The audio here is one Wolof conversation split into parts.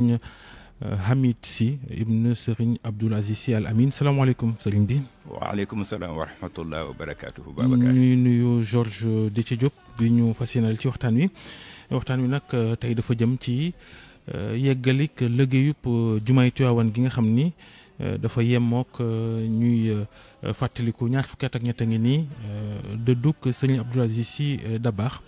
Euh, Hamid Sy ibn Serigne Abdoul Aziz Sy Al bi. waaleykum salaam wa rahmatulah wa barakaatu. Babacar ñuy bi ñu fas yéenal ci waxtaan wi waxtaan wi nag euh, tey dafa jëm ci euh, yeggalik liggéeyub jumaay Tiwaawan gi nga xam ni dafa yemook ak ñuy. fàttaliku ñaar fukket ak ñett a ngi nii euh, dëddug sëriñ Abdou Aziz si euh, Dabakh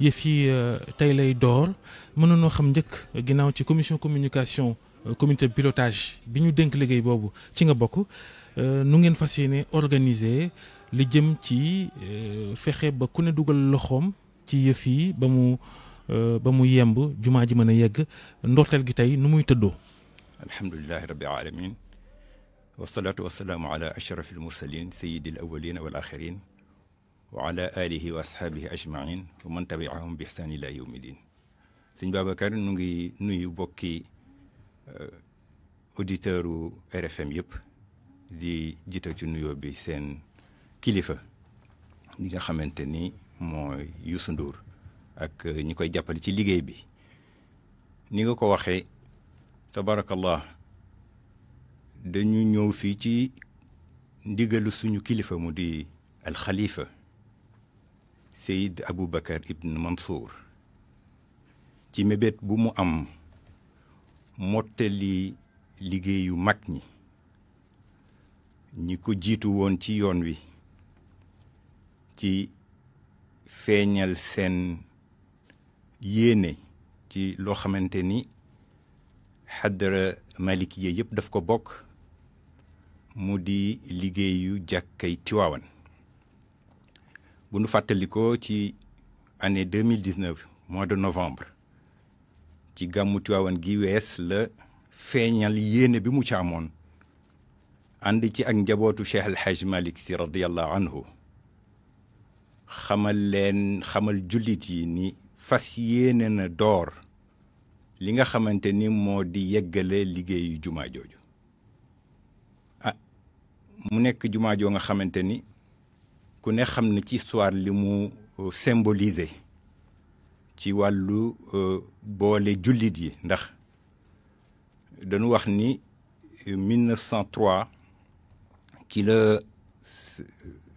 yëf yi euh, tey lay door mën na noo xam njëkk ginnaaw ci commission communication comité pilotage bi ñu dénk liggéey boobu ci nga bokk nu ngeen fas yéene organiser li jëm ci fexe ba ku ne dugal loxoom ci yëf yi ba mu ba mu yemb jumaa ji mën a yegg ndorteel gi tey nu muy tëddoo alhamdulilahi wasalaatu wasalaamu ala ashraf almursalin sayidi al awalin wa ala wa ashaabihi ajmain wa man tabiahum bi ixsaan ila yawmi din sëñ Babacar nu ngi nuyu bokki euh, auditeur u RFM yëpp di jiital ci nuyo bi seen kilifa li nga xamante ni mooy Youssou Ndour ak euh, ñu koy jàppale ci liggéey bi ni nga ko waxee tabarakallah dañu ñëw fii ci ndigalu suñu kilifa mu di alxalifa Seyd Aboubacar Ibn Mansour ci mébét bu mu am mottali liggéeyu mag ñi ñi ko jiitu woon ci yoon wi ci feeñal seen yéene ci loo xamante ni xadara malik yee yëpp daf ko bokk mu di liggéeyu jàkkay Tiwaawan bu nu fàttalikoo ci année 2019 mois de novembre ci gàmmu Tiwaawan gi wees la feeñal yéene bi mu ci amoon ànd ci ak njabootu Cheikh El Hadj Malick si radiyallahu xamal leen xamal jullit yi ni fas yéene na door li nga xamante ni moo di yeggale liggéeyu jumaa jooju mu nekk jumaa joo nga xamante ni ku ne xam ne ci histoire li mu euh, symboliser ci wàllu euh, boole jullit yi ndax dañu wax ni 1903 euh, ci la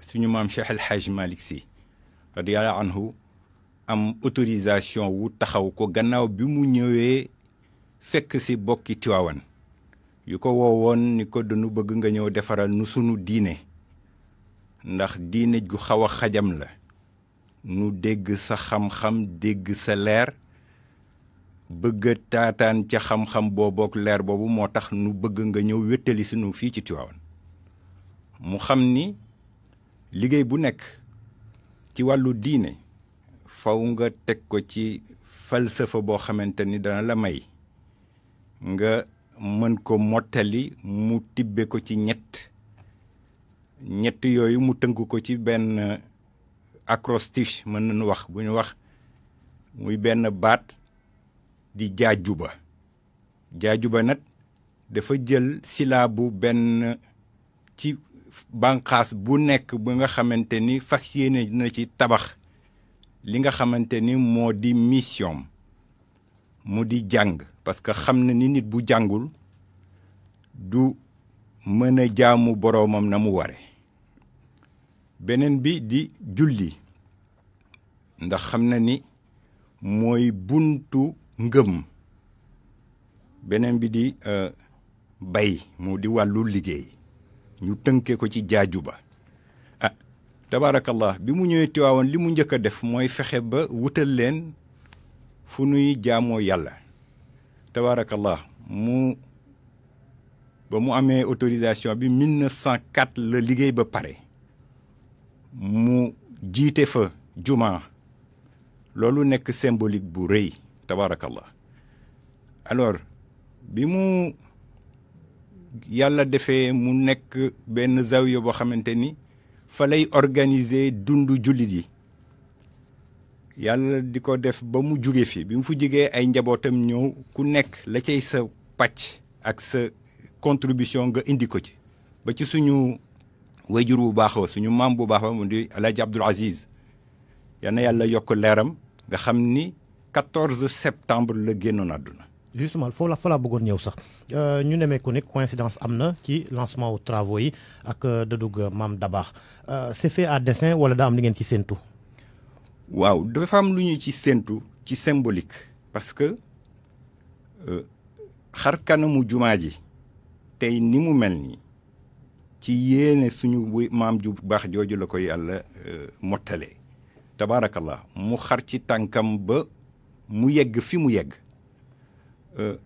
suñu maam Cheikh El Hadj Malick Sy radiyallahu anhu am autorisation wu taxaw ko gannaaw bi mu ñëwee fekk si bokki Tiwaawan yu ko woowoon ni ko dañu bëgg nga ñëw defaral nu sunu diine ndax diine ju xaw a xajam la nu dégg sa xam-xam dégg sa leer bëgga taataan ca xam-xam boobook leer boobu moo tax nu bëgg nga ñëw wéttali sunu fii ci Tiwaawan mu xam ni liggéey bu nekk ci wàllu diine faw nga teg ko ci falsafa boo xamante ni dana la may nga mën ko mottali mu tibbe ko ci ñett ñett yooyu mu tënk ko ci benn acrostiche mën nañu wax bu ñu wax muy benn baat di jaajuba jaajuba nag dafa jël silaabu benn ci banqaas bu nekk bu nga xamante ni fas yéene na ci tabax li nga xamante ni moo di mission mu di jàng parce que xam na ni nit bu jàngul du mën a jaamu boromam na mu ware beneen bi di julli ndax xam na ni mooy buntu ngëm beneen bi di euh, bay moo di wàllu liggéey ñu tënkee ko ci jaaju ba ah tabaarakallah bi mu ñëwee Tiwaawan li mu njëkk a def mooy fexe ba wutal leen fu nuy jaamoo yàlla tabaarakallah mu ba mu amee autorisation bi 1904 la liggéey ba pare mu jiite fa juma loolu nekk symbolique bu rëy tabaarakallah alors bi mu yàlla defee mu nekk benn zawiya boo xamante ni fa lay organiser dundu jullit yi yàlla di ko def ba mu jóge fii bi mu fu jógee ay njabootam ñëw ku nekk la cay sa pàcc ak sa contribution nga indi ko ci ba ci suñu wayjur bu baax wa suñu maam bu baax wa mu di El Hadj Abdoul Aziz yal na yàlla yokk leeram nga xam ni 14 septembre la génnoon àdduna. justement foofu la fa laa bëggoon ñëw sax euh, ñu nemee nemmeeku ne coïncidence am na ci lancement wu travaux yi ak euh, dëddug maam Dabax euh, c'est fait à desin wala daa am li ngeen ci séentu. waaw dafa am lu ñu ci séentu ci symbolique parce que euh, xar kanamu jumaa ji tey ni mu mel nii ci yéene suñu maam ju baax jooju la ko yàlla euh, mottalee tabaarakallah mu xar ci tànkam ba mu yegg fi mu yegg euh,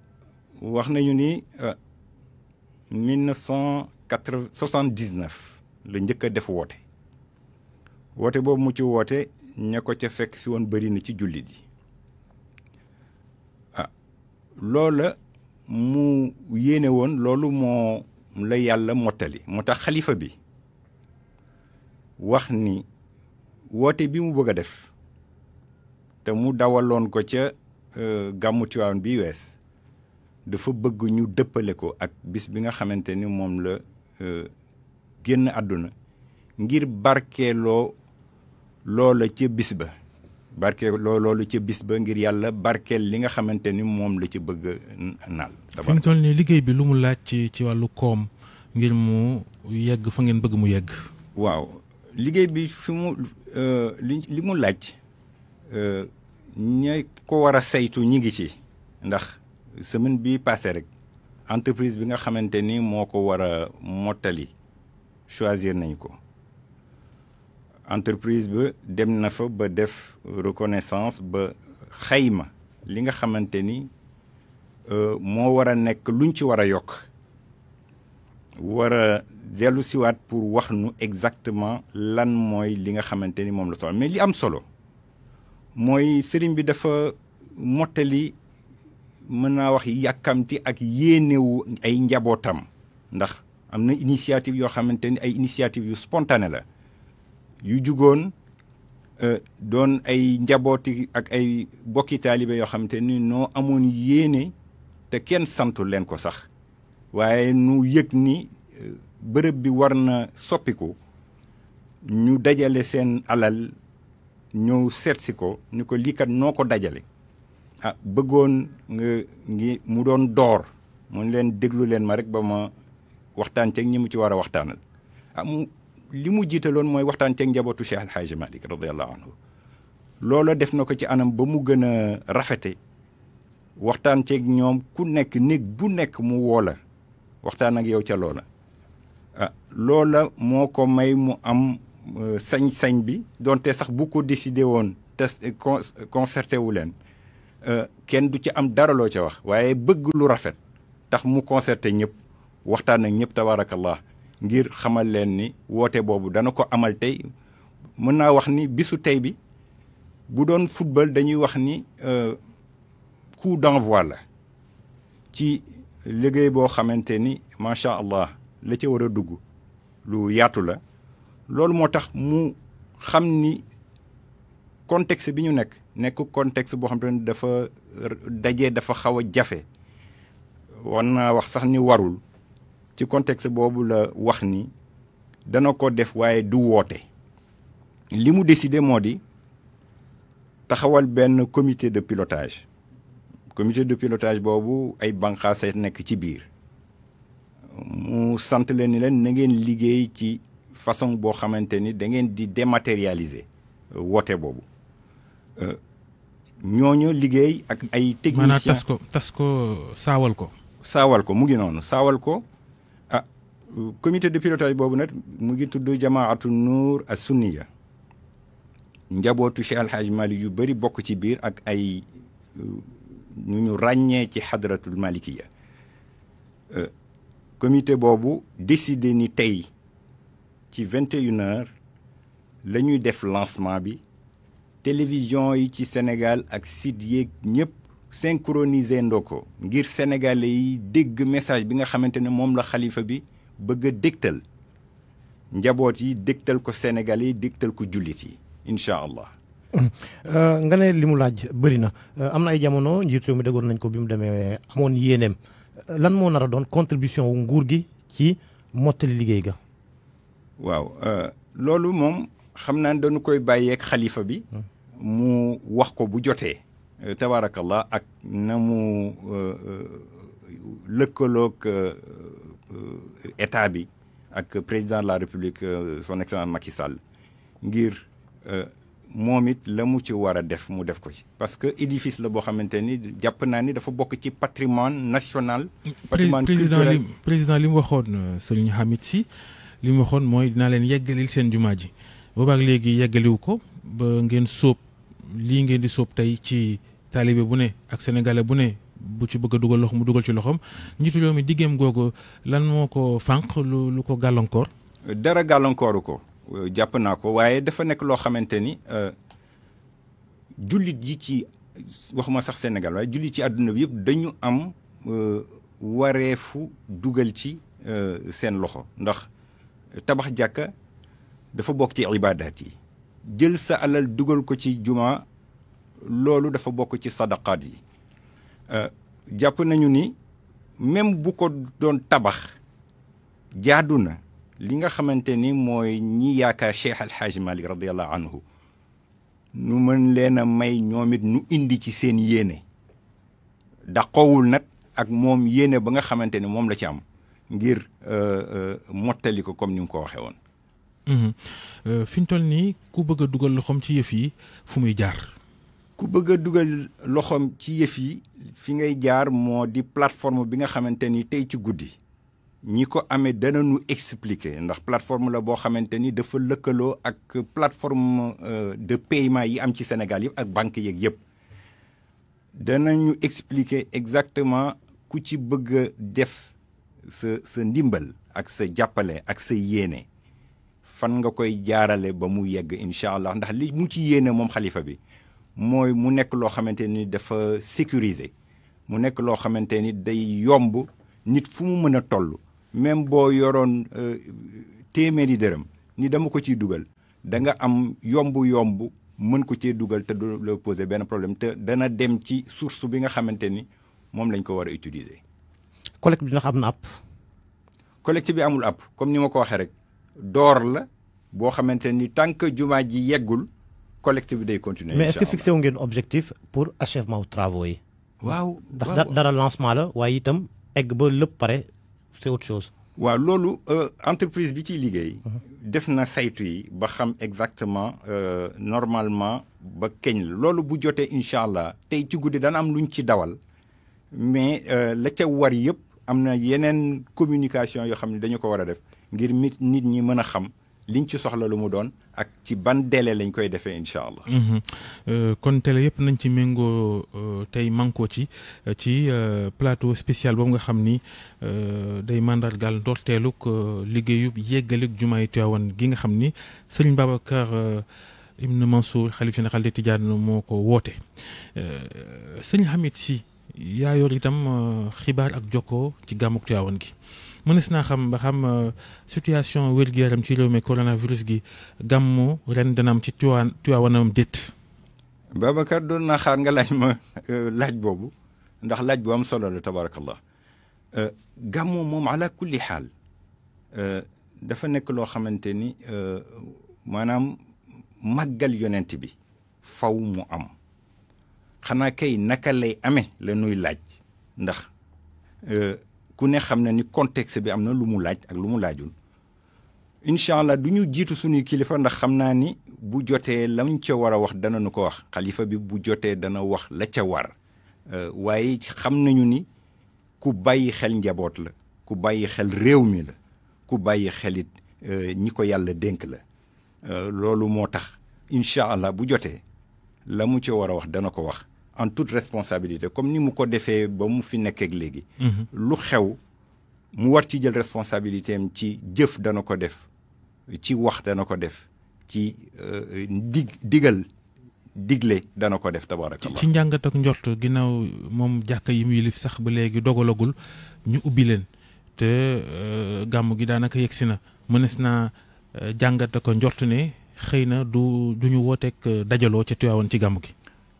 wax nañu ni 1979 la njëkk a def woote woote boobu mu ci woote ña ko ca fekk si woon bëri na ci jullit yi ah, loola mu yéene woon loolu moo la yàlla mottali moo tax xalifa bi wax ni woote bi mu bëgg a def te mu dawaloon ko ca euh, gàmmu Tiwaawan bi wees dafa bëgg ñu dëppale ko ak bis bi nga xamante ni moom la euh, génn àdduna ngir barkeeloo loolu ca bis ba barke loo loolu ca bis ba ngir yàlla barkeel li nga xamante ni moom la ci bëgg a naal. fi mu toll nii liggéey bi lu mu laaj ci ci wàllu koom ngir mu yegg fa ngeen bëgg mu yegg. waaw liggéey bi fi mu euh, li li mu laaj euh, ña ko war a saytu ñi ngi ci ndax semaine bi passé rek entreprise bi nga xamante ni moo ko war a mottali choisir nañ ko. entreprise ba dem na fa ba def reconnaissance ba xayma li nga xamante ni euh, moo war a nekk luñ ci war a yokk war a dellu siwaat pour wax nu exactement lan mooy li nga xamante ni moom la soxla mais li am solo mooy sëriñ bi dafa mottali mën naa wax yàkkamti ak yéenewu ay njabootam ndax am na initiative yoo xamante ni ay initiative yu spontané la yu jugoon euh, doon ay njabooti ak ay bokki taalibe yoo xam te ni noo amoon yéene te kenn santu leen ko sax waaye nu yëg ni euh, bërëb bi war na soppiku ñu dajale seen alal ñëw seetsi ko ni ko lii kat noo ko dajale a ah, bëggoon ngi mu doon door mu leen déglu leen ma rek ba ma waxtaan ceeg ñi mu ci war a waxtaanal ah, li mu jiitaloon mooy waxtaan ceeg njabootu Cheikh El Hadj Malick radiyallahu anhu loola def na ko ci anam ba mu gën a rafete waxtaan ceeg ñoom ku nekk néeg bu nekk mu woola waxtaan ak yow ca loola ah loola moo ko may mu am euh, sañ-sañ bi donte sax bu ko décidé woon te concerté wu leen euh, kenn du ci am dara loo ca wax waaye bëgg lu rafet tax mu concerté ñëpp waxtaan ak ñëpp tabarakallah ngir xamal leen ni woote boobu dana ko amal tey mën naa wax ni bisu tey bi bu doon football dañuy wax ni euh, coup d'envoi la ci liggéey boo xamante ni macha allah la ca war a dugg lu yaatu la loolu moo tax mu xam ni contexte bi ñu nekk nekk contexte boo xam te dafa daje dafa xaw a jafe war naa wax sax ni warul ci contexte boobu la wax ni dana ko def waaye du woote li mu décidé moo di taxawal benn comité de pilotage comité de pilotage boobu ay banqaas a nekk ci biir mu sant leen ni leen na ngeen liggéey ci façon boo xamante ni da ngeen di dématérialiser euh, woote boobu euh, ñooñu liggéey ak ay techniciens maanaam tas ko tas ko saawal ko saawal ko mu ngi noonu saawal ko comité de pilotage boobu nag mu ngi tudd jamaatu nuur as sunniya njabootu Cheikh Alhaaj Malick yu bëri bokk ci biir ak ay ñu ñu ràññee ci xadratul malikiya euh, comité boobu décidé ni tey ci vingt et une la ñuy def lancement bi télévision yi ci Sénégal ak site yeeg ñëpp synchroniser ndoo ko ngir sénégalais yi dégg message bi nga xamante ne moom la xalifa bi bëgg a dégtal njaboot yi dégtal ko Sénégal yi dégtal ko jullit yi incha allah. Euh, nga ne li mu laaj bëri na euh, am na ay jamono njiit réew mi déggoon nañ ko bi mu demee amoon yéeneem euh, lan moo nar a doon contribution wu nguur gi ci mottali liggéey ga. waaw loolu moom xam naa ne dañu koy bàyyeeg xalifa bi. Hmm. mu wax ko bu jotee. tabaarakallah ak na mu lëkkaloog. Euh, état bi ak président de la république euh, son excellence Macky Sall ngir euh, moom it la mu ci war a def mu def ko ci. parce que édifice la boo xamante ni jàpp naa ni dafa bokk ci patrimoine national. patrimoine culturel président li mu waxoon sëñ Hamid si li mu waxoon mooy dinaa leen yeggalil seen jumaa ji boobaak léegi yeggaliwu ko ba ngeen soob lii ngeen di sóob tey ci taalibe bu ne ak sénégalais bu ne. bu ci bëgg a dugal loxo mu dugal ci loxoom njiitu réew mi diggéem googu lan moo ko fànq lu lu ko gàllankoor. dara gàllankooru ko euh, jàpp naa ko waaye dafa nekk loo xamante ni euh, jullit yi ci waxuma sax Sénégal waaye jullit ci àdduna bi yëpp dañu am euh, wareefu dugal ci seen loxo ndax tabax jàkka dafa bokk ci ibaadaat yi. jël sa alal dugal ko ci jumaa loolu dafa bokk ci sadaqaat yi. jàpp nañu ni même bu ko doon tabax jaadu na li nga xamante ni mooy ñi yaakaar Cheikh Al Hadj Malick radiallahu anhu nu mën leen a may ñoom it nu indi ci seen yéene daqowul nag ak moom yéene ba nga xamante ni moom la ci am ngir euh, euh, mottali ko comme ni nga ko waxee woon. Mhm. Euh, fi toll nii ku bëgg a dugal loxoom ci yëf yi fu muy jaar. ku bëgg dugal loxoom ci yëf yi fi ngay jaar moo di plateforme bi nga xamante ni tey ci guddi ñi ko amee dana nu expliquer ndax plateforme la boo xamante ni dafa lëkkaloo ak plateforme euh, de paiement yi am ci Sénégal yëpp ak banque yeeg yëpp danañu expliquer exactement ku ci bëgg a def sa sa ndimbal ak sa jàppale ak sa yéene fan nga koy jaarale ba mu yegg incha allah ndax li mu ci yéene moom xalifa bi mooy mu nekk loo xamante ni dafa sécuriser mu nekk loo xamante ni day yomb nit fu mu mën a toll même boo yoroon euh, téeméeri dërëm ni dama ko ciy dugal da nga am yomb-yomb mën ko cee dugal te du la poser benn problème te dana dem ci source bi nga xamante ni moom lañ ko war a utiliser. collecte bi ndax am na app. collecte bi amul app comme ni ma ko waxee rek door la boo xamante ni tant que jumaa ji yeggul. collecte bi day continuer mais est-ce que fixé wu ngeen objectif pour achèvement travaux yi. waaw ndax dara lancement la waaye itam egg ba lépp pare c'est autre chose. waaw loolu euh, entreprise bi ciy liggéey. Mhm. def na saytu yi ba xam exactement euh, normalement ba keñ loolu bu jotee incha allah tey ci guddi dana am luñ ci dawal mais euh, la ca war yëpp am na yeneen communication yoo xam ne dañu ko war a def ngir nit nit ñi mën a xam. liñ ci soxla lu mu doon ak ci ban délai lañ koy defee incha allah. Mhm. Euh, kon télé yëpp nañ ci méngoo euh, tey manko ci euh, ci plateau spécial boobu nga xam ni day mandargaal ndorteelug liggéeyub yeggalug jumaay Tiwaawan gi nga xam ni sëriñ Babacar Ibn Mansour xalif général de Tidiane moo ko woote sëñ Hamid si yaa yor itam xibaar ak jokkoo ci gàmmug Tiwaawan gi. mënees naa xam ba xam euh, situation wér-gu-yaram ci réew mi coronavirus gi gàmmu ren dana am ci tuwaan tuwaawanam déet. Babacar doon na xaar nga laaj ma euh, laaj boobu ndax laaj bu am solo la tabarakallah euh, gàmmu moom ala kulli xaal dafa nekk loo xamante ni maanaam màggal yonent bi faw mu am xanaa kay naka lay amee la nuy laaj ndax ku ne xam na ni contexte bi am na lu mu laaj ak lu mu laajul incha allah du ñu jiitu suñuy kilifa ndax xam naa ni bu jotee lañ ca war a wax dana nu ko wax xalifa bi bu jotee dana wax la ca war euh, waaye xam nañu ni ku bàyyi xel njaboot la ku bàyyi xel réew mi la ku bàyyi xelit euh, ñi ko yàlla dénk la euh, loolu moo tax incha allah bu jotee la mu ca war a wax dana ko wax en toute responsabilité comme ni mu ko defee ba mu fi nekkeek léegi mhm. lu xew mu war ci jël responsabilité am ci jëf dana ko def ci wax dana ko def ci euh, dig digal digle dana ko def tabarakallah ci njàngat ak njort ginnaaw moom jàkka yi mu sax ba léegi dogalagul ñu ubbi leen te euh, gàmm gi daanaka yegsi na mënees naa euh, jàngat ak njort ne xëy na du du ñu wooteek dajaloo ca Tiwaawan ci gàmm gi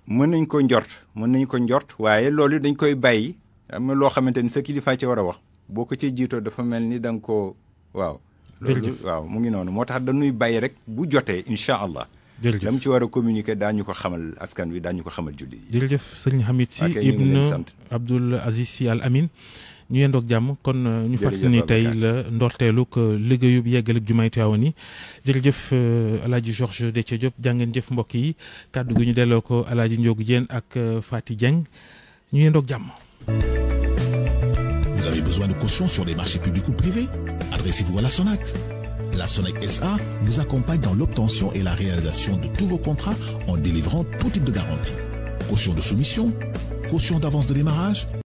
mën nañ ko njort mën nañ ko njort waaye loolu dañ koy bàyyi am loo xamante ni sa kilifa ci war a wax boo ko ci jiitoo dafa mel ni danga nga koo waaw. loolu mu ngi noonu moo tax dañuy bàyyi rek bu jotee incha allah. jërëjëf la ci war a communiquer ñu ko xamal askan wi daa ñu ko xamal julli yi. jërëjëf sëñ Hamid Sy ibn Abdoul Aziz Sy Al Amin. ñu yendoog jàmm kon euh, ñu fàttali ni tey la ndorteelug liggéeyub yeggalug jumaay Tiwaawan yi jërëjëf euh, alaaji Georges Déthié Diop jàngeen jëf mbokk yi kàddu gi ñu delloo ko alaaji Ndiogu Diène ak euh, faati Dieng ñu yendoog jàmm Vous avez besoin de caution sur des marchés publics ou privés? Adressez-vous à la SONAC. La SONAC SA vous accompagne dans l'obtention et la réalisation de tous vos contrats en délivrant tout type de garantie. Caution de soumission,